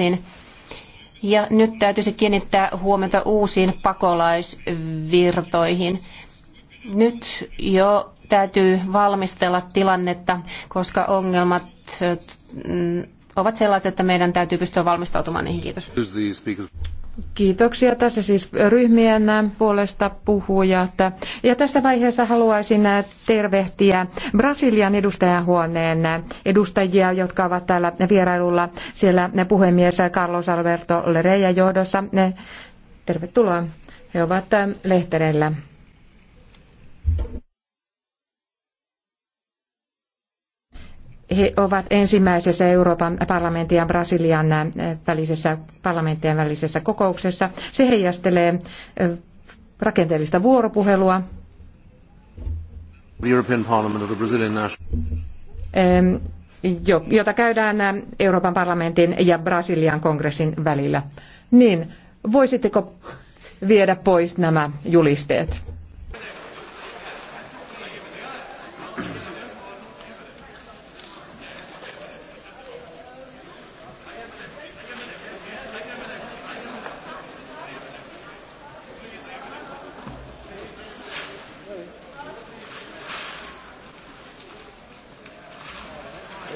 Niin. Ja nyt täytyisi kiinnittää huomiota uusiin pakolaisvirtoihin. Nyt jo täytyy valmistella tilannetta, koska ongelmat mm, ovat sellaiset, että meidän täytyy pystyä valmistautumaan niihin. Kiitos. Kiitoksia. Tässä siis ryhmien puolesta puhujat. Ja tässä vaiheessa haluaisin tervehtiä Brasilian edustajahuoneen edustajia, jotka ovat täällä vierailulla. Siellä puhemies Carlos Alberto Lereja johdossa. Tervetuloa. He ovat lehtereillä. He ovat ensimmäisessä Euroopan parlamentin ja Brasilian välisessä parlamenttien välisessä kokouksessa. Se heijastelee rakenteellista vuoropuhelua. jota käydään Euroopan parlamentin ja Brasilian kongressin välillä. Niin, voisitteko viedä pois nämä julisteet?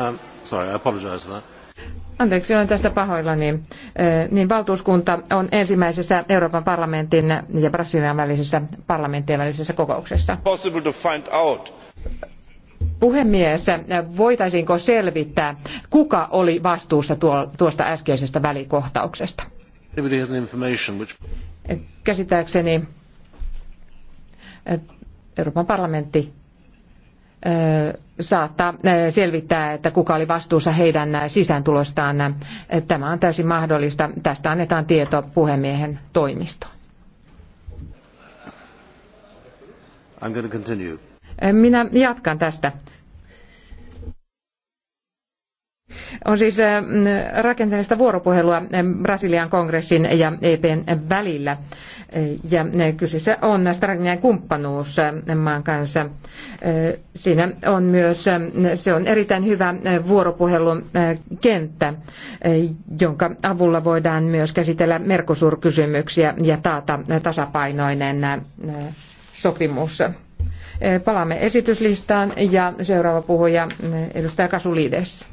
Um, Anteeksi, olen tästä pahoillani. Niin valtuuskunta on ensimmäisessä Euroopan parlamentin ja Brasilian välisessä parlamenttien välisessä kokouksessa. Puhemies, voitaisiinko selvittää, kuka oli vastuussa tuosta äskeisestä välikohtauksesta? Käsittääkseni Euroopan parlamentti saattaa selvittää, että kuka oli vastuussa heidän sisääntulostaan. Tämä on täysin mahdollista. Tästä annetaan tieto puhemiehen toimistoon. Minä jatkan tästä. On siis eh, mm, rakenteellista vuoropuhelua eh, Brasilian kongressin ja EPn välillä. Eh, ja kyseessä on strateginen kumppanuus maan kanssa. Siinä on myös, se on erittäin hyvä vuoropuhelun kenttä, jonka avulla voidaan myös käsitellä Mercosur-kysymyksiä ja taata tasapainoinen sopimus. Palaamme esityslistaan ja seuraava puhuja edustaja Kasulides.